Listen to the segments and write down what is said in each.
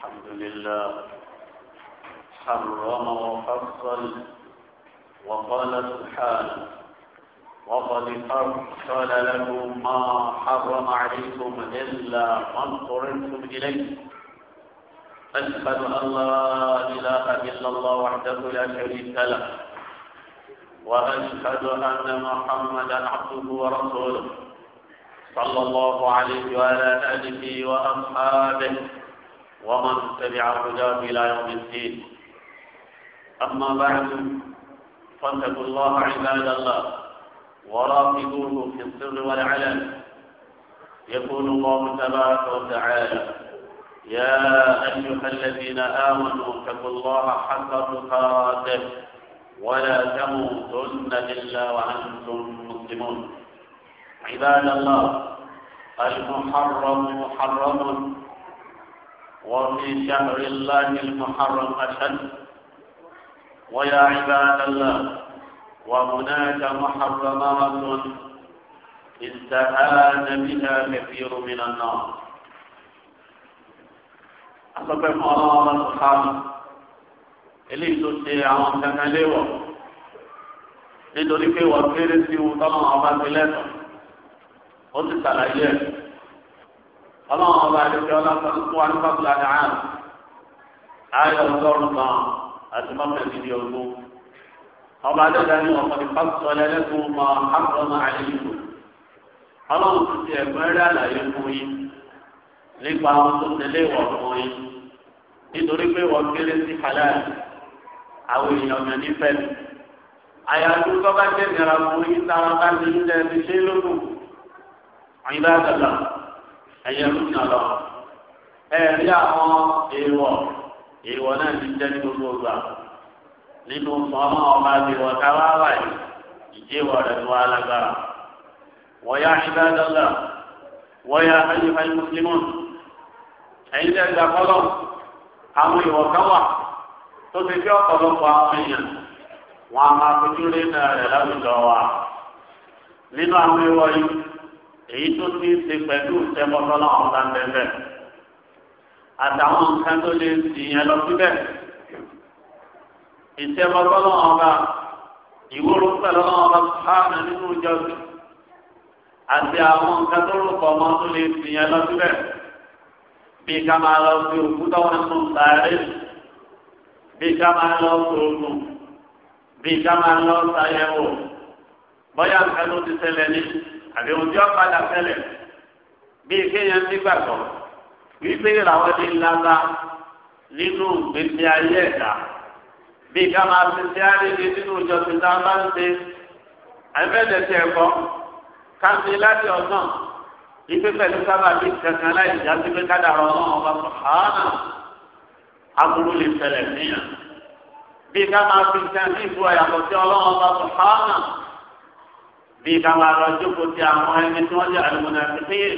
الحمد لله حرم وفصل وقال سبحانه وقد أرسل لكم ما حرم عليكم إلا ما اضطررتم إليه أشهد أن لا إله إلا الله وحده لا شريك له وأشهد أن محمدا عبده ورسوله صلى الله عليه وعلى آله وأصحابه ومن تبع هداه إلى يوم الدين أما بعد فاتقوا الله عباد الله وراقبوه في السر والعلن يقول الله تبارك وتعالى يا أيها الذين آمنوا اتقوا الله حق تقاته ولا تموتن إلا وأنتم مسلمون عباد الله المحرم محرم وفي شهر الله المحرم أشد ويا عباد الله وهناك محرمات استهان بها كثير من الناس أصبح الله سبحانه eléyìí tó ṣe àwọn kankan léwọ̀ nítorí pé wọ́n kéré sí ohun tọ́lọ́ ọba ti lẹ́tọ̀ọ́ ó sì ṣàlàyé ẹ̀ ọlọ́run ọba àdéhùn ọlọ́pàá tó wà ní pápá àdáhàn ayọ̀ ọlọ́run kan àti mọ́kànlá ìdí ogún ọba àdéhùn ní ọkọ̀ ní pápá ọlẹ́lẹ́kùn mọ́ àkọ́mọ́ àyẹ̀kù ọlọ́run ti ti ẹ̀gbọ́n rí àlàyé fún yín nípa ohun tó tẹ̀lé ìwọ̀ fún yín nítorí pé wọ́n kéré sí halal àwọn èèyàn yàn nífẹ̀ẹ́ àyàtú tó bá jẹ́ ìnira fún yín táwọn bá ti ń lẹ́ẹ̀mí ṣé lókun ìbá dàgbà ẹ̀yẹ rúnà lọ. ẹ̀rí àwọn èèwọ̀ èèwọ̀ náà ti jẹ́ ní gbogbo ọgbà nínú ọmọ ọba àdìwọ̀ táwa wà yìí ìjẹ́wọ̀ rẹ̀ tó wà lágbára. wọ́yá ìbádọ́là wọ́yá ayífáyí mùsùlùmọ́n ẹ̀yin tẹ́ gba fọlọ́ àwọn ìwọ̀ kan wà tó ti fi ọ̀pọ̀lọpọ̀ àwọn èèyàn wọn a máa fojú rí náà rẹ̀ láwùjọ wa nínú àwọn ìwọ̀ yìí èyí tó ti ṣe pẹ̀lú ìṣẹ́kọ̀tọ́ láwọn ọ̀tá bẹ́ẹ̀ àtàwọn nǹkan tó lè sì yẹn lọ síbẹ̀ ìṣẹ́kọ̀tọ́ láwọn ọba ìwúrò pẹ̀lú láwọn ọba sáàmì nínú ìjọsìn àti àwọn nǹkan tó rò pọ̀ mọ́ tó lè sì yẹn lọ síbẹ̀ bí ká máa lọ sí òkú tọ́wọ́ nínú sàárè bí ká máa lọ sí ogun bí ká máa lọ sàyẹ̀wò bóyá nǹkan tó ti ṣẹlẹ̀ ní àbí ohun tí wọ́n padà fẹ́lẹ̀ bíi kéèyàn nígbàgbọ́ wípé làwọn ní ńláńlá nínú gbèsè ayé ẹ̀dá bíi ká máa fi ṣe àríyé nínú ìjọsìn tá a bá ń ṣe àbẹ̀dẹ̀ tẹ̀ ẹ̀kọ́ ká ṣe láti ọ̀sán ipe pẹ̀lú sábà bíi kankan láì já sí pé kádàrọ̀ ọlọ́run ọba sọ̀hánà aburú lè ṣẹlẹ̀ níyàn bíi ká máa fi ṣe àní ìfúwàyàtọ̀ sí ọlọ́run ọba sọ̀hánà bí ká máa lọ jókòó ti àwọn ẹni tí wọ́n jẹ́ àlùmọ́nà àtẹ́fẹ́yẹ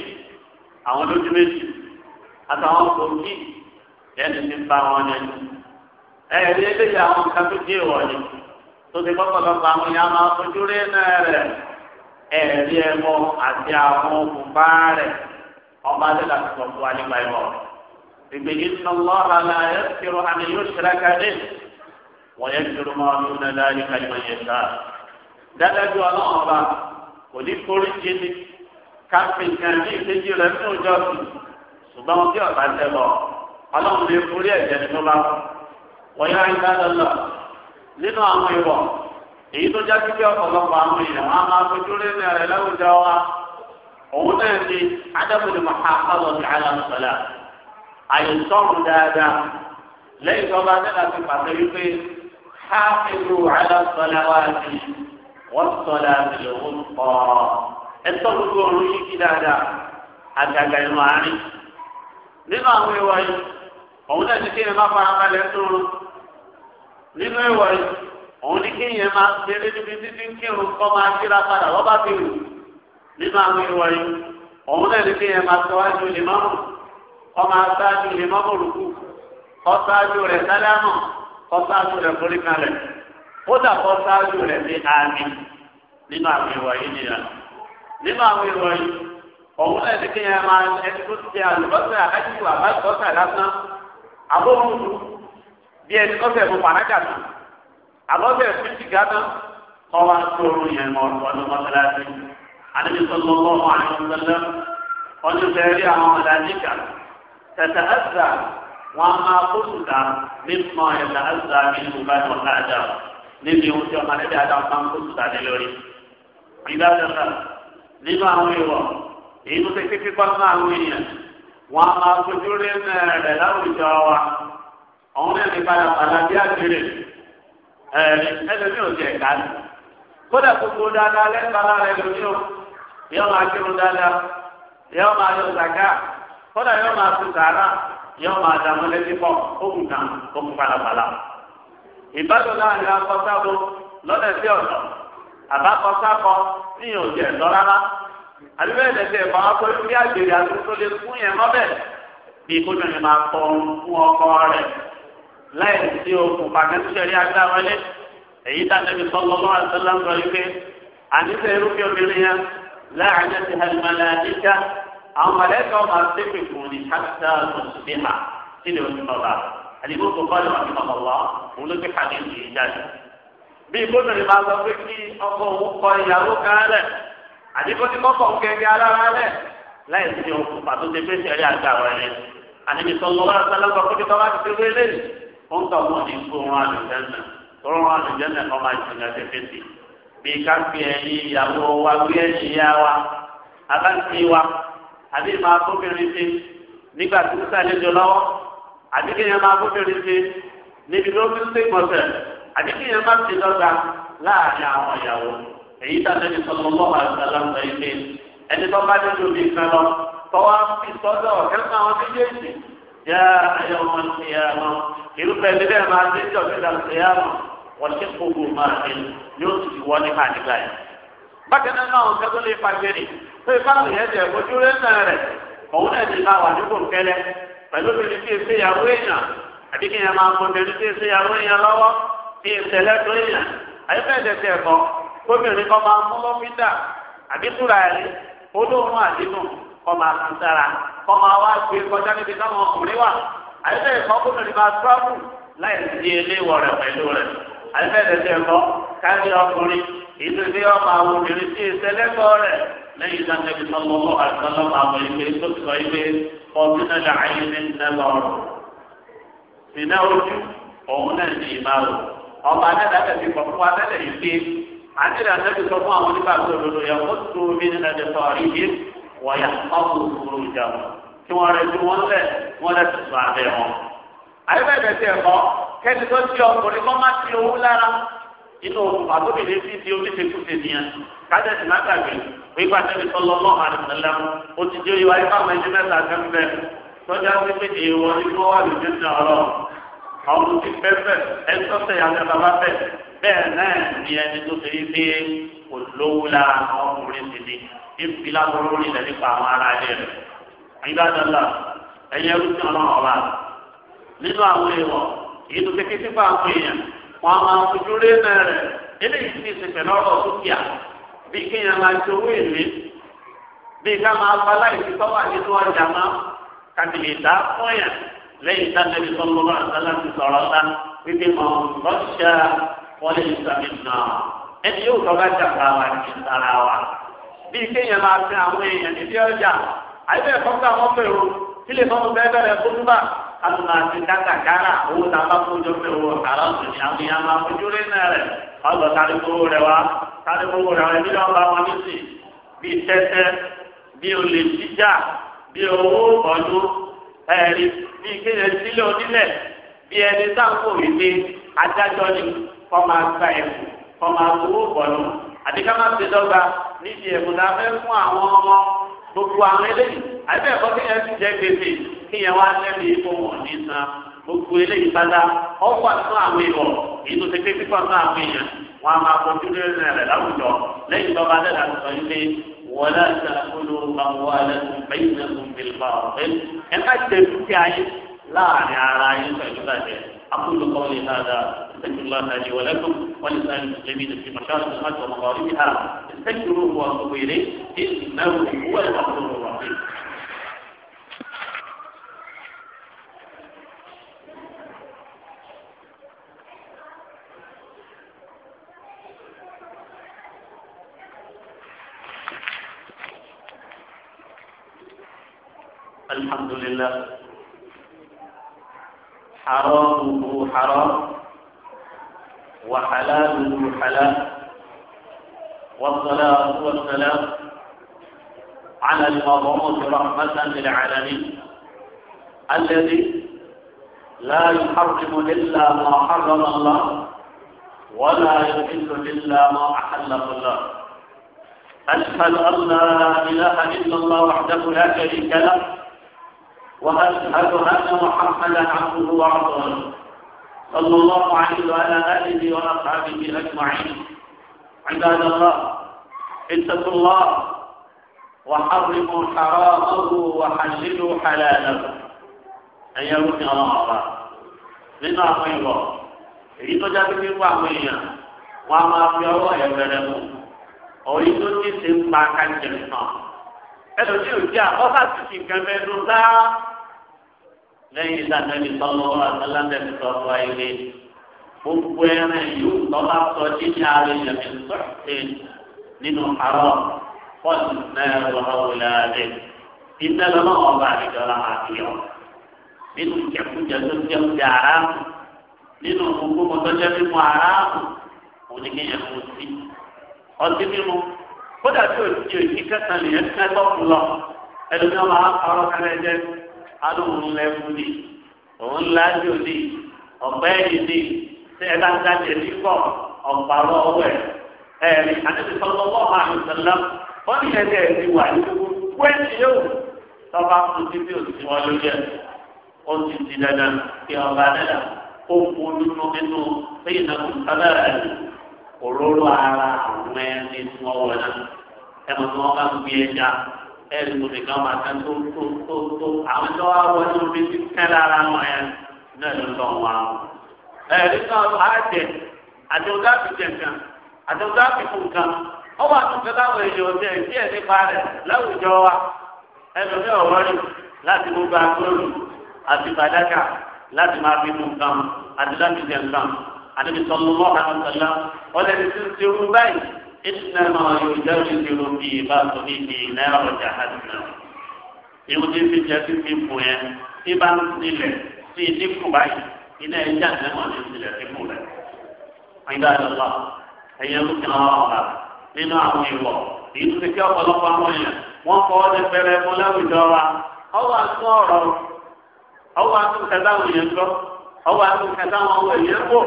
àwọn lójú méjì àtàwọn kòkí lẹ́nu ti bá wọn yẹn. ẹ ẹ ní eléyìí àwọn nǹkan tó dé ìwọ̀nyí tó ti kọ́kọ́lọ́pọ̀ àwọn yẹn a máa fojú rí náà rẹ̀ ẹ̀rí ẹ̀mọ àti àwọn òkùnfà rẹ̀ ọba tí láti sọ fún wa nípa ẹ̀mọ ìgbèjì ń lọ àlà ẹ̀ kírun àmì yóò ṣẹlẹ̀ káyé wọ́n yẹ kírun mọ́ ọdún náà dádájú ọlọ́run ọba kò ní forí jíni káfí kan ní ìdíjí rẹ̀ ní ọjọ́ sí ṣùgbọ́n tí ọ̀bá tẹ lọ ọlọ́run lè forí ẹ̀jẹ̀ tó bá wọ́n yára ń dáná lọ nínú àwọn ìwọ̀ èyí tó já síbi ọ̀pọ̀lọpọ̀ àwọn èèyàn wọn a máa fojú rí ní ẹ̀rẹ̀ láwùjọ wa òun náà ni adábòdì màkàkàlọ̀ ní alámùsọ̀lá àyẹ̀sọ́rùn dáadáa lẹ́yìn tó bá dẹ́nà ti pàṣẹ wípé háàfin wọ́n sọ̀dà àbẹ̀lẹ̀wò ọ̀ ẹ̀tọ́ gbogbo ọ̀run yìí kí dáadáa àgàgà ìlú àárín. nínú àwọn ìwà yìí òun náà ní kí ẹ má farabalẹ̀ tóoru nínú ìwà yìí òun ní kí ẹ má ṣeré níbi títí kírun kọ́ máa kíra padà wọ́n bá nínú àwọn ìwà yìí òun náà ní kí ẹ má sọ́wájú lè kọ́ máa sáájú lè rúkú kọ́ sáájú rẹ̀ sálámù kọ́ sáájú rẹ̀ forí ó dàpọ̀ sáájú rẹ̀ ní àmì nínú àwọn ìwà yìí nìyà nínú àwọn ìwà yìí ọ̀hún náà ti kéèyàn máa ẹni tó ti àlùbọ́sẹ̀ àkájúwò àbájúbọ́sẹ̀ lásán àbóhùnù bí ẹni kọ́sẹ̀ fún pàrákàtà àbọ́sẹ̀ fún jìgádá ọwọ́ àtòrò yẹn mọ́ ọdún mọ́sálásí àdébísọ́lọ́ lọ́wọ́ ọdún bẹ̀rẹ̀ àwọn ọ̀làdíkà tẹ̀tẹ̀ ẹ̀sà wọn máa kó sùkà mímọ́ ẹ̀sà ẹ̀sà nínú níbi ohun tí ọmọ níbi àdáwọn máa ń kó ní lórí. ìdájọ́ náà nínú àwọn ìwọ̀ èyí tó kékeré pa fún àwọn èèyàn wọn máa fojú rí láwùjọ wa padà padà bí àgbèrè ò ká ní. kódà gbogbo dáadáa lẹ́gbàá ìbádọ́ láàrin akọ́sábo lọ́nà sí ọ̀nà àbákọ́sákọ́ tí yóò jẹ́ ẹ̀tọ́ rárá àdúgbò ẹ̀dẹ̀dẹ̀ ẹ̀kọ́ akọ́ ní àgbèrè àtúntò lè fún yẹn mọ́bẹ̀ bí kójú ni máa kọ́ fún ọkọ rẹ̀ láì sí okùn pàkẹ́tùsẹ̀rí agbáwọlé èyí tá Ànábì sallallahu alaihi wasallam ń sọ yìí pé àníṣe irúfẹ́ obìnrin yẹn láàrin ti hàlùmọ́lá àdíkà àwọn mọ̀lẹ́kọ̀ọ́ máa ṣépè fún ní káṣíṣà lọ́sibíhà sílẹ̀ oṣù bàbá àdìgbò tó kọ́ ìwà nípa ọ̀wá òun ló ti kàdé ìlú yìí jáde. bí gbọ́dọ̀ ní máa sọ pé kí ọkọ òun kọ ìyàwó kan lẹ̀ àdìgbò tí kọ́kọ́ ń kẹ́kẹ́ alára lẹ̀ láì sí òkú pàtó ti pèsè ẹ̀rí àti àwọn ẹni. àdìgbò tó lọ́wọ́ sálọ́gbà kó ti tọ́wá ti ti wé lé ó ń tọ́wọ́ ní gbó wọn àlùjẹ́nà tó wọn àti kéèyàn máa bóbìnrin ṣe níbi tó fi ń ṣe ìgbọ̀nsẹ̀ àti kéèyàn máa ti dọ́gba láàrin àwọn ìyàwó èyí tàbí ẹni sọ̀rọ̀ lọ́wọ́ àgbàlá ń sọ ike ẹni tó bá nínú mi kan lọ tọ́wọ́ fi sọ́dọ̀ kẹ́kọ̀ọ́ àwọn méjèèjì yá ayé ọmọ ìyá wọn irúfẹ́ ẹni bẹ́ẹ̀ máa dé jọ sí ìdàgbéyà wọn wọ́n ti kókó máa ṣe yóò sì wọ́n ní ká nígbà bákan náà àwọn kẹ́kọ̀ọ́ pẹ̀lú bíbí tí èsè ìyàwó èèyàn àbí kí èèyàn máa mọ bíbí tí èsè ìyàwó èèyàn lọ́wọ́ bí ìṣẹ̀lẹ̀ tó èèyàn àyẹ̀fẹ̀dẹ̀sẹ̀ ẹ̀kọ́ gómìnrin kan máa mú lọ́fíńdà àbí túra ẹ̀rí olóòórùn àdínú kọ́ máa tún sára kọ́ máa wá gbé kọjá níbi táwọn ọkùnrin wà àyẹ̀fẹ̀ ẹ̀kọ́ gómìnrin máa tíráàbù láì sí ilé ìwọ̀ rẹ̀ pẹ̀lú rẹ̀ àyẹ̀fẹ̀dẹ̀sẹ̀ ẹ̀kọ́ kọ́ rẹ̀ ọ̀gbìnà làáyé ní nàbà ọ̀rọ̀. Ìná ojú òun náà ní ìmáwò. Ọba Adéda tẹ̀sí kọ̀ fún Adéda yìí pé Adéda tẹ̀sí sọ fún àwọn onígbà tó lòlò yẹ kó tó omi nínú ẹ̀dẹ̀ sọ rí yé wọ̀yà ọ̀pọ̀ òkúrò ìjà wọn. Kí wọ́n rẹ̀ ju wọn lẹ̀ wọ́n lẹ̀ tuntun abẹ́ wọn. Ayébẹ̀bẹ̀ tẹ̀ kọ́ kẹ́ni tó ti ọkùnrin kọ́ má ti owó lára inú kádẹ́sì má gbàgbé wípé àtẹ́bí sọlọ lọ́wọ́ àdìsẹ́lẹ̀ ó ti jẹ́ ìwà ipá mẹ́jọ mẹ́ta kẹ́mbẹ́ tọ́jà wípé èèwọ̀ ni kó wà lójú ní ọ̀rọ̀ ọ̀run ti pẹ́pẹ́ ẹ̀sọ́tẹ̀ yàtọ̀ bàbá bẹ̀ bẹ́ẹ̀ náà ni ẹni tó ṣe wípé kò lówó la ọkùnrin sì ni ibi lábúrú ní ilẹ̀ nípa àwọn ará ilé rẹ̀ ayélujára ẹ̀yẹ rúbí ọlọ́run ọba nínú àwọn èèyàn bí kéèyàn máa ti owó èlé bí ká máa fa láìsí tọ́wà nínú ọjà máa kàbìlì dá fún yàn lẹ́yìn tánẹ́bí sọ́kọ́ bá àtàlà ti sọ̀rọ̀ ńlá wípé mọ̀ lọ́ṣà wọlé ìsàmì náà ẹni yóò tọ́ bá jàpá wa ní ìtara wa bí kéèyàn máa fi àwọn èèyàn níbi ọjà àyẹ̀bẹ̀ fọ́nká wọn bẹ̀rù kílè fọ́nù bẹ́ẹ̀ bẹ̀rẹ̀ fún alùpùpù àti dákàkárà owó tá a bá fojú pé owó àrà ọ̀sùn ni àwọn èèyàn máa fojú rí káni gbogbo rẹ̀ àwọn ìdílé ọba wọn nísì bíi tẹ́tẹ́ bíi olè jíjà bíi owó ọdún ẹ̀rí bíi kéde sílé onílẹ̀ bíi ẹni sáǹkó ìdí adájọ́ ni kọ́ máa gba ẹ̀kú kọ́ máa gbowó bọ̀lú àdìgá máa ti dọ́gba níbi ẹ̀kún la fẹ́ fún àwọn ọmọ gbogbo àwọn eléyìí àbí ẹ̀kọ́ kéèyàn ti jẹ́ gbèsè kéèyàn wá lẹ́nu ipò wọn ní san gbogbo eléyìí padà ọ̀pọ̀ àtúntò àwọn ìwọ̀ èyí tó ti pé pípọ̀ àtúntò àwọn èèyàn wọn a máa kọ sí lórí rẹ̀ láwùjọ lẹ́yìn tó bá dẹ́ta sọ yìí pé wọ́n náà ṣe àkóló àwọn ẹlẹ́sìn bẹ́yìn lẹ́sìn bílíbà ọ̀fẹ́ ẹ má ṣe dúkìá yín láàrin ara yín pẹ̀lú bàjẹ́ akóló kọ́ lè dáadáa استغفر الله لي ولكم ولسائر المسلمين في مشارق الارض ومغاربها استغفروه واتوبوا اليه انه هو الغفور الرحيم الله حرامه حرام وحلاله حلال والصلاة والسلام على المبعوث رحمة للعالمين الذي لا يحرم إلا ما حرم الله ولا يحل إلا ما أحله الله أشهد أن لا إله إلا الله وحده لا شريك له وأشهد أن محمدا عبده ورسوله صلى الله عليه وعلى آله وأصحابه أجمعين عباد الله اتقوا الله وحرموا حرامه وحللوا حلاله أن يرحم الله الله من أعطي الله إذا جاء بني وعمية وما في الله يا بلده أريد أن يسمع كان جنسا أنا أريد أن أخذ كان بيننا lẹ́yìn ìdánilẹ́bi tọ́lọ́ àtàlẹ́bẹ̀ tọ́lọ́ ayé gbogbo ẹran yóò tọ́lá sọ títí ààrẹ ìyàmẹ̀ sọ́ọ̀tẹ̀ nínú àrọ́ pọ́ọ̀tù náà lọ́wọ́lá rẹ̀ iná lọ́wọ́ ọba àdìjọ́lá máa fi ọ́ nínú jẹkújẹ tó jẹ oúnjẹ aráàmù nínú gbogbo mọ́tò jẹ́ mímu aráàmù òní kéèyàn sí ọtí mímu kódà tí òjì òjì kẹta lè yẹn alóhùn lẹ́kùn ni òun lájú ni ọ̀pẹ́ yìí ni ṣé ẹ bá ń dájẹ́ ní kọ́ ọ̀pàrọ̀ ọwọ́ ẹ̀ ẹ̀rí àdébí sọ́lọ́wọ́ àrùn sẹ́lẹ̀ wọ́n ní ẹ̀dẹ̀ ẹ̀dí wà ní gbogbo ẹ̀sìn yóò tọ́ba fún títí òsì wọn lórí ẹ̀ ó ti di dandan kí ọba dẹ́dà ó kú nínú nínú lẹ́yìn náà kò sábẹ́ rẹ̀ òróró ara àwọn ẹni tí wọ́n wọ̀ náà ẹ̀ mọ̀ tí wọ́n bá ń gbé ẹja ẹ̀rí mo nìkan máa tán tó tó tó tó àwọn tó wá wọ ní omi tí kẹ́ lára wọn yẹn náà ló lọ wọn. ẹ̀rí kan máa jẹ àdéhùn láti jẹ nǹkan àdéhùn láti fún nǹkan ó wà tó kẹ́lá àwọn èèyàn ọ̀sẹ̀ díẹ̀ nípa rẹ̀ láwùjọ wa ẹnu ní ọ̀rọ̀ rí láti gbogbo àti bàdákà láti máa fi àti láti àwọn ọ̀lẹ́ni tí ń báyìí. إنما يجرد في باطنه نار جهنم ìwúdí fi jẹ fífi bù yẹn tí bá ń sílẹ̀ sí ìdínkù báyìí iná ẹja ìdẹ́mọ̀ ní sílẹ̀ fífù rẹ̀. ẹ̀yin àdàlọ́ ẹ̀yẹ ló kí wọ́n wà nínú àwọn ìwọ̀ èyí tó ti kí ọ̀pọ̀lọpọ̀ àwọn èèyàn wọ́n kọ́ ọ́ ní pẹrẹ mọ́ láwùjọ wa ọwọ́ àtún ọ̀rọ̀ ọwọ́ àtún kẹta àwọn èèyàn gbọ́ ọwọ́ àtún kẹta àwọn èèyàn gbò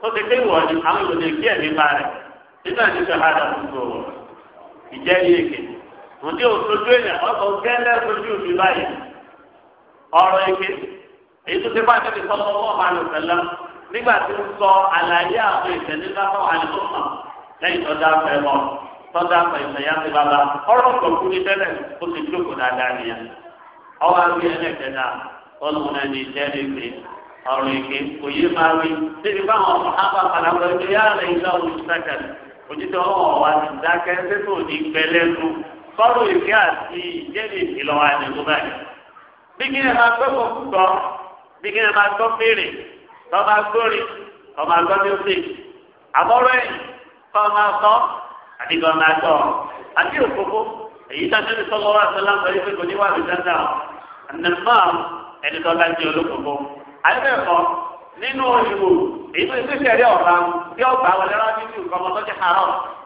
tó ti pé ìwọ̀ ni àwọn ìwòsàn ìgbé ẹ̀mí bá rẹ̀ nígbà tí sọ hádà gbogbo wọn ìjẹ́rìí èké ǹdí òṣojú èèyàn ọkọ̀ gẹ́lẹ́ ojú mi báyìí ọ̀rọ̀ èké èyí tó ti bá tẹ̀lé sọ́kọ́ wọ́n máa lò pẹ̀lá nígbà tí ń sọ àlàyé àwọn ìṣẹ̀lẹ̀ lásán àlùkò lẹ́yìn tọ́jà fẹ́ lọ tọ́jà fẹ́ ìṣẹ̀yà ti bàbá ọ̀rọ̀ kọ̀ọ̀kú ní tẹ́lẹ̀ ó ti jókòó dáadáa nìyẹn ọwọ́ àwọn ẹlẹ́kẹ̀dá ọlọ́run òjijì ọlọ́wọ́ wa ti dákẹ́ sẹ́tò ní pẹlẹ́nu fọ́lù ìfẹ́ àti ìjẹ́lẹ̀ ìlọ́wọ́ àdìgbò báyìí. bí kí ni máa gbọ́ kọ̀ọ̀kọ̀ bí kí ni máa gbọ́ fèrè tọ́ máa gbórí tọ́ máa gbọ́ music àbọ̀rọ̀ ẹ̀yìn tọ́ máa sọ àdìgbò máa gbọ́ àti òkókó èyí tájú ní sọ́kọ́ wa sọ́lá ń pé kò ní wà lóṣàdá nínú òyìnbó èyí tó ṣe ṣẹlẹ̀ ọ̀la tí ọgbà wọlé rán nínú nǹkan ọmọ tó ti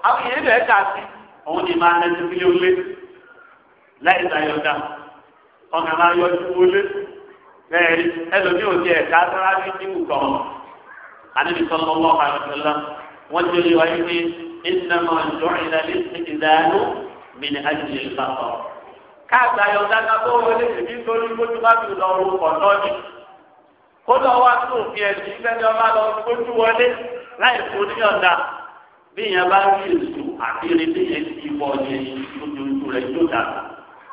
àwọn èèyàn bẹ̀rẹ̀ kà sí òun ni máa nẹ́tí kílé olé láì sàyọ̀dá ọ̀nà máa yọjú olé bẹ́ẹ̀ ẹlòmíì ò tiẹ̀ ká sára nínú nǹkan ọmọ àníbi sọlọ ọmọ ọ̀hánà sọlá wọ́n ti rí wáyé pé ìnáwó ìjọ ìlàlẹ́ ìdáná mìíní àjèjì kódà wá tó òfin ẹ̀sìn ìgbẹ́ni ọba lọ gbójú wọlé láì foníyọ̀dà bí ìyẹn bá rí èso àti ìrètí yẹn ti wọ ọyẹ lójoojú rẹ yóò dà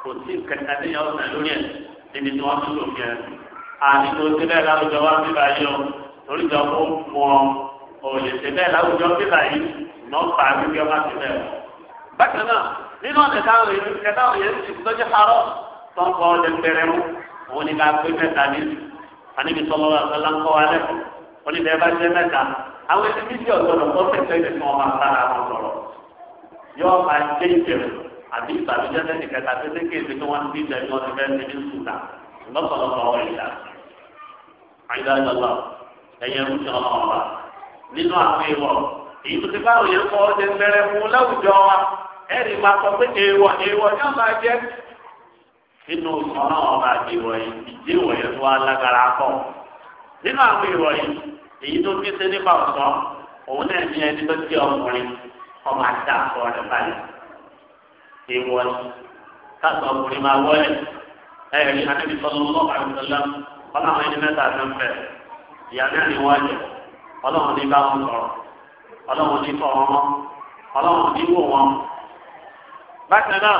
kò sí kẹta ní ìyàwó náà lórí ẹ níbi tí wọn tó òfin ẹ̀sìn àdìgbò tí bẹ́ẹ̀ láwùjọ wá bí báyìí ọ torí jọ kó mọ òòlè tí bẹ́ẹ̀ láwùjọ bí báyìí nọ́ọ̀fà àbíbí ọba ti bẹ́ẹ̀. bákan náà nínú ọ̀sẹ̀ táwọn èèyàn àníbi sọlọ wà sọlá ń kọ́ wa lẹ́kọ̀ọ́ wọn ní bẹ́ẹ̀ bá jẹ́ mẹ́ta àwọn ẹni bíbí ọ̀gbọ́dọ̀ kọ́ pẹ̀tẹ́ ìdè fún ọmọ àtàrà àwọn sọ̀rọ̀ yóò máa jẹ́ ìbẹ̀rù àbí ìbànújẹ́ lẹ́nu kẹta tètè kéèké tí wọ́n ti dẹ̀ ní ọdún bẹ́ẹ̀ ní sùdà lọ́sọ̀lọ́sọ̀ ọ̀rọ̀ ìlà àyíláyọ̀lọ́ ẹ̀yẹ ń sọ ọ̀rọ̀ nínú àwọn èèwọ̀ èyí tó ti bá òye kọ́ ọ́ nínú ọlọ́wọ́n bá di ìròyìn ìdí ìròyìn tó alágara kọ́ nínú àwọn ìròyìn èyí tó fi ṣe nípa ọ̀sọ́ òun náà ní ẹni tó jẹ́ ọkùnrin ọmọ àti àkọ rẹ̀ balẹ̀ ìwọ ni káàtó ọkùnrin máa wọlé ẹ̀rí anábì sọlọ lọ́wọ́ àbísọ́lá ọlọ́run ẹni mẹ́ta ló ń bẹ̀ ìyá ni wọ́n jẹ ọlọ́run ní bá wọn sọ̀rọ̀ ọlọ́run ní fọ wọn ọlọ́run ní wò wọn bákan náà.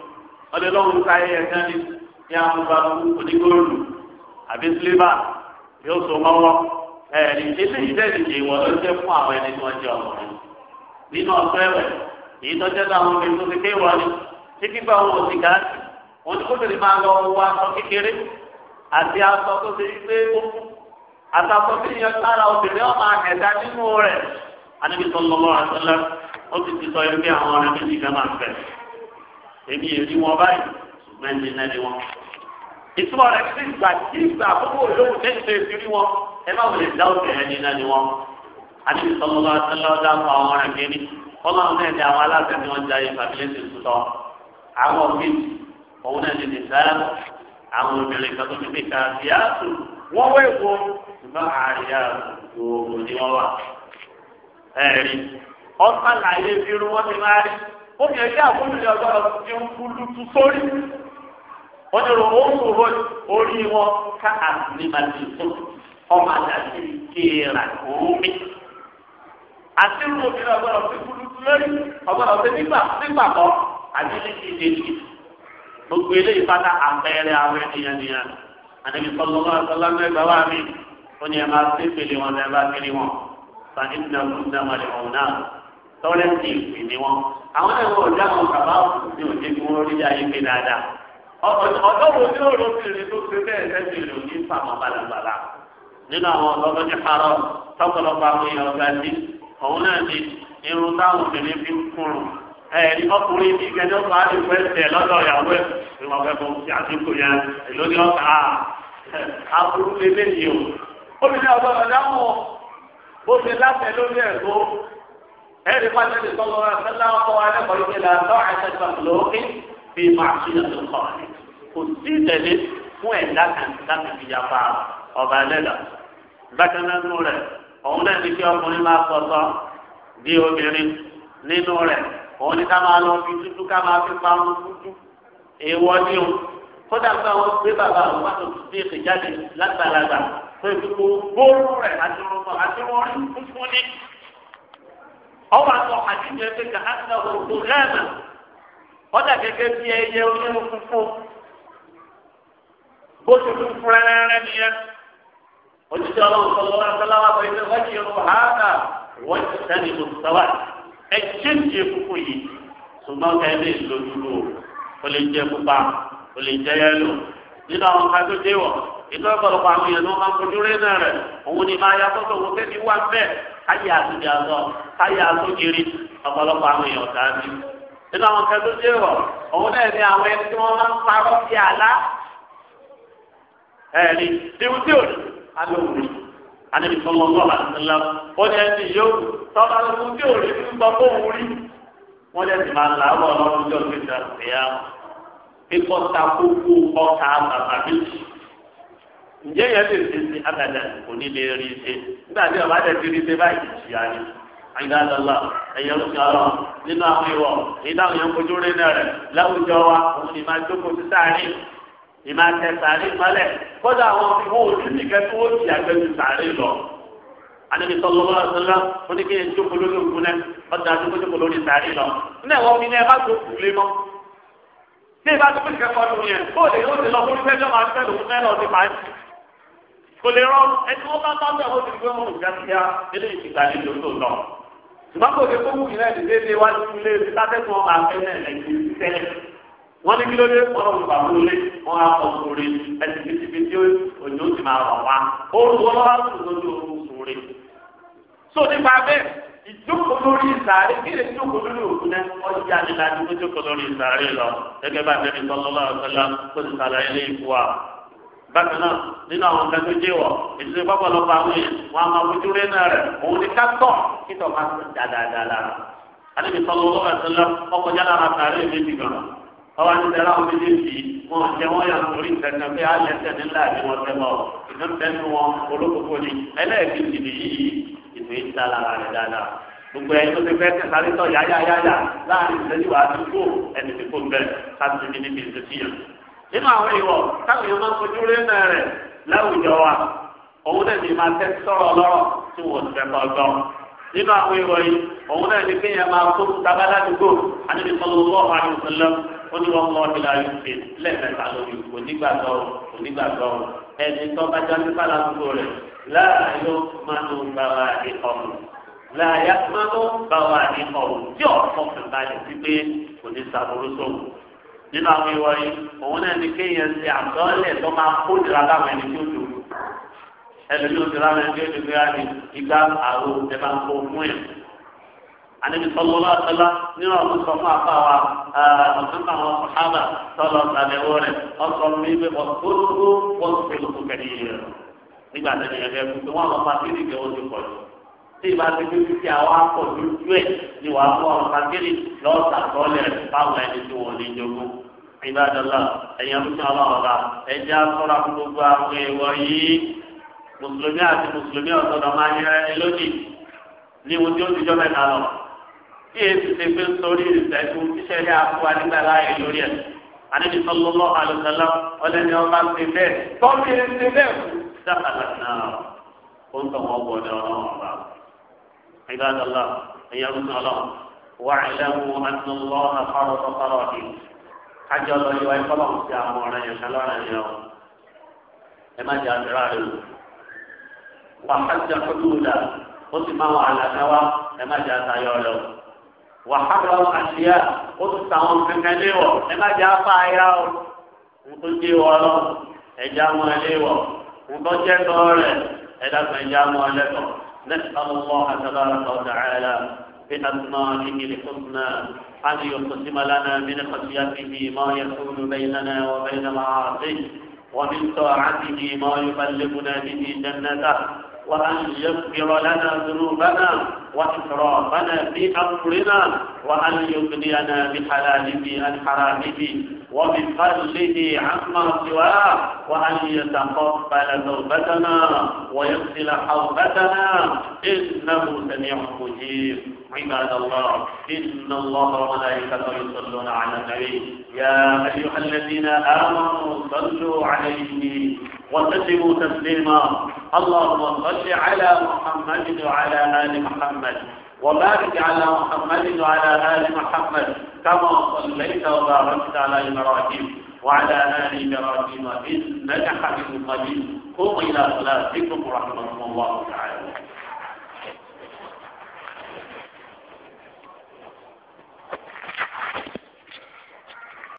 ọdẹ lọ́wọ́ ká ẹyẹ kan ní ní àwọn ọba onígóòlù àbí sílíbà yóò so mọ́wọ́ ẹ̀ẹ́dì eléyìí dẹ́ ìdíje ìwọ ló jẹ́ fún àwọn ẹni tí wọ́n jẹ́ ọkùnrin nínú ọ̀sẹ̀ rẹ̀ èyí tó jẹ́ táwọn obìnrin tó ti ké wọ́n ni tí kíkọ́ àwọn òsì gáàsì wọn ni kóbìnrin máa lọ wọ aṣọ kékeré àti aṣọ tó ti gbé kókó àtàkùn tí yẹn sára obìnrin ọmọ ẹ̀dá nínú rẹ̀ anábìsọ̀ lọ́wọ́ àtọ́lá ó ti ti sọ ẹgbẹ́ àwọn ọ̀rẹ́ méjì náà máa ń bẹ̀rẹ̀ èmi èmi wọn báyìí ṣùgbọ́n ẹni náà ni wọn. ìtumọ̀ rẹ̀ ti gbà tí ìgbà àkókò olóhùn tẹ́lẹ̀ tó ti rí wọn ẹ má wòlé dá òkè ẹni náà ni wọn. àti ìsọlọ́lá sọlọ́dá fún àwọn ọ̀rẹ́ kiri ọlọ́run náà ni àwọn aláṣẹ ni wọ́n jayé fàbílẹ̀ ti sùtọ́. àwọn méjì òun náà ni nìfẹ́ àwọn obìnrin kan tó ti fi kàdí àtù wọ́n wé ṣùgbọ́n àríyá gbòòrò ni wọ́n wà. ẹ̀rí ọ ó fi ẹ̀jẹ̀ àbúrúdé ọgbọ́dọ̀ fi ń kúlú tu sórí wọ́n ti rò ó ń wò orí wọn ká àtìmàtì tó ọmọ àdàtì kéèrà kòómi àti rò obìnrin ọgbọ́dọ̀ fi kúlú tu lórí ọgbọ́dọ̀ fi nígbà nígbà kọ́ àti ní ìdè ní gbogbo eléyìí bá ká àpẹẹrẹ àwọn ènìyàn nìyẹn àdébí sọlọ́lá sọlá mẹ́gbàá wà mí ó ní máa ṣe é pèlè wọn ẹ kiri wọn sàdínà kúndàmọ́lẹ̀ ọ̀hún náà tọ́lẹ̀ ti ìpín ni wọn. àwọn ẹ̀rọ ọ̀dà àwọn bàbá mi ò kí wọ́n rí ayé pé dáadáa. ọ̀dọ́ wo ni ó lóbìnrin tó ṣe bẹ́ẹ̀ lẹ́sìn rẹ̀ ní fàmọ́ balabala. nínú àwọn ọ̀dọ́ ní parọ́ tọ́kọlọpọ̀ àwọn èèyàn ọ̀gá sí òun náà ni irun táwọn obìnrin fi ń kúrùn. ẹ̀ẹ́dì ọkùnrin ní ìgbẹ́jọ́ bá lè tẹ̀ lọ́dọ̀ ìyàwó ẹ̀ ẹ̀rí pàṣẹ ti sọ́kọ́ wa sẹ́lá ọkọ̀ wa lẹ́kọ̀ọ́ yìí la lọ́ àṣẹ gbàgbọ́lókè fi máa ṣe ní ọ̀sọ̀ rẹ̀ kò sí ìtẹ̀lé fún ẹ̀dá kan láti fi yapa ọba ẹlẹ́dà bákan náà nù rẹ̀ òun náà kí ọkùnrin máa fọ́tọ́ bí obìnrin nínú rẹ̀ òun ní ká máa lọ fi dúdú ká máa fi pa dúdú èèwọ̀ ni o kódà pé àwọn gbé bàbá àwọn bá tó ti dé lágbàlagbà pé gbogbo bóòrù rẹ̀ àti ọwọ́ àtọ̀ àdínú ẹgbẹ́ gàdá òkú rẹ́ẹ̀mà ọ̀dà gẹ́gẹ́ bí ẹyẹ olóhùn bó fún nìyẹn ti yìí o lè jẹ pupa o lè jẹ yẹlò nínú àwọn kan dé wọ̀ ìtọ́ àwọn èèyàn ló máa ń fojú náà òun ni máa ya wá bẹ́ẹ̀ káyà àtúndì àtọ káyà àtúndìrí ọ̀pọ̀lọpọ̀ àwọn èèyàn ọ̀tá mi. nínú àwọn kan tó dé wọ̀ òun náà ní àwọn ẹni tí máa ń parọ́ sí àlá. tiwu tí ò ní ńlá ní ẹni yóò tí ò ní fún òun rí. máa nígbà tí ọba tẹ̀ ti rí ṣe báyìí ìyá ni àyìnlá ẹ̀yẹ ń sọ̀rọ̀ nínú àwọn ìwọ̀ èyí táwọn èèyàn kojú rí náà rẹ̀ láwùjọ wa òun ni máa jókòó sí sáré ni máa tẹ sáré mọ́lẹ̀ kódà àwọn ìwọ òṣìṣẹ́ kẹ́tù ó ti àgbẹ̀jù sáré lọ. Ànábì sallallahu alaihi wasallam oníkéyẹ jókòó lórí òkun náà ọ̀dà tó jókòó lórí sáré lọ. Ní ẹ̀wọ̀n mi ní ẹ bá tó kù lé mọ́. Bí ìbá tó kù ti lọ kò lè rọrùn ẹni wọn bá bá bẹ ọ ti gbé wọn ìjà kíá eléyìí ti gbà nílò tó lọ. ṣùgbọ́n kò lè kó wù yín ẹni déédéé wá sí ilé ibi látẹ́kùn ọmọ afẹ́ náà lẹ́yìn tẹ́lẹ̀. wọ́n ní kí ló dé ọ̀rọ̀ ìgbà tó lé wọ́n á kọ́ sóore ẹni bíi bíi tí òjò ti máa rọ̀ wá. oru wọn bá tún lójú oru sóore. so nípa bẹ́ẹ̀ ìjókòó lórí ìsàárè kí lè jókòó lórí òkú náà ọjà nílá ní kó jókòó lórí ìsàárè lọ gẹ́gẹ́ bá bákan náà nínú àwọn nǹkan tó jẹ́ wọ̀ ìdílé pápálọpọ̀ àwọn yẹn wọn a máa fojú rẹ náà rẹ òun ni ká tọ̀ kí tọ̀ máa sọ dáadáa lára alẹ́ mi sọ́nù owó ẹ̀sẹ̀ lọ ọkọ̀ yálà ara sàárẹ̀ méjì gan ọba ní sẹ́lá omi ní ìdí wọn jẹ́ wọ́n yà lórí ìtẹ̀kẹ́ pé á lẹ́ sẹ́ni ńlá ni wọ́n tẹ́ bọ̀ ìdán tẹ́nu wọn gbogbo ẹni tó ti fẹ́ tẹ̀ sáré yáyáyáyá láàrin ìṣẹ́jú àdúgbò ẹni tí kò bẹ̀ ká ti ní níbi ìṣẹ́jú yẹn nínú àwọn ìwọ táwọn èèyàn máa ń fojú rí náà rẹ láwùjọ wa òun náà ní máa tẹ́ sọ̀rọ̀ lọ́rọ̀ tí wọ́n ti fẹ́ nínú àwọn ìwọ yìí òun náà ní kéèyàn máa kó tábà ládùúgbò àdébí sallallahu alaihi wasallam ó ìlà ìfẹ́ lẹ́ẹ̀mẹ́ta lórí onígbàgbọ́ onígbàgbọ́ ẹni tó bá jáde bá ládùúgbò rẹ̀ láàyò máa ń gbàgbà ìkọlù láàyà máa ń gbàgbà ìkọlù tí ọ̀ nínú àwọn ìwọ yìí òun náà ní kéèyàn ṣe àtọ́lẹ̀ tó máa kó ìdíra báwọn ẹni tí ó dùn ẹlòmí ó dira wọn ẹni tí ó dùn bóyá ní igbá àrò ẹ máa kó fún yẹn. àníbi sọlọ bá sọlá nínú ọdún sọ fún apá wa ọdún kan wọn sọhábà sọlọ ṣàbẹ̀wò rẹ ọsọ mi pé ọsọlọgbó wọn kò lóko kẹdìyẹ nígbà tẹlifíṣẹ tí ìbá ti fi fi àwọn akọ lójú ẹ ni wàá mú ọ̀rọ̀ kankéré lọ́ọ̀tà tọ́lẹ̀ báwọn ẹni tí wọ́n lè jogún. ìbádọ́lá ẹ̀yìn amúṣe ọlọ́ọ̀la ẹ̀jẹ̀ asọ́ra fún gbogbo àwọn èèwọ̀ yìí mùsùlùmí àti mùsùlùmí ọ̀sọ́dọ̀ máa ń yẹ ẹ lónìí ní ohun tí ó ti jọ́ mẹ́ta lọ. bí èsì ti fi ń sórí ìṣẹ́jú iṣẹ́ ní akó anígbà láàyè lórí ẹ̀ àníbi sọlọ́lọ́ àlùsọ́lá ọlẹ́ni ọba ti bẹ́ẹ̀ tọ́kì ti bẹ́ẹ̀ kú dákàlà náà ó ń tọ́ wọn bọ̀ ní ọlọ́run ọba عباد الله أيام الله واعلموا أن الله فرض فرائض حج الله ويقبض في أمورنا يشلون اليوم لما جاء براره وحج حدودا قسمه على نوى لما جاء تيوله وحرم أشياء قسمهم من نليوه لما جاء فائره نقول ولو ẹja mọ ẹlẹ́wọ̀ nǹkan jẹ́ tọ́ rẹ̀ ẹ̀dá نسأل الله تبارك وتعالى بأسمائه الحسنى أن يقسم لنا من خشيته ما يكون بيننا وبين معاصيه ومن طاعته ما يبلغنا به جنته وأن يغفر لنا ذنوبنا وإسرافنا في أمرنا وأن يغنينا بحلاله عن حرامه وبفضله عما سواه وأن يتقبل توبتنا ويغسل حوبتنا إنه سميع مجيب عباد الله إن الله وملائكته يصلون على النبي يا أيها الذين آمنوا صلوا عليه وسلموا تسليما اللهم صل على محمد وعلى آل محمد محمد وبارك على محمد وعلى آل محمد كما صليت وباركت على إبراهيم وعلى آل إبراهيم إنك حميد مجيد قم إلى صلاتكم رحمكم الله تعالى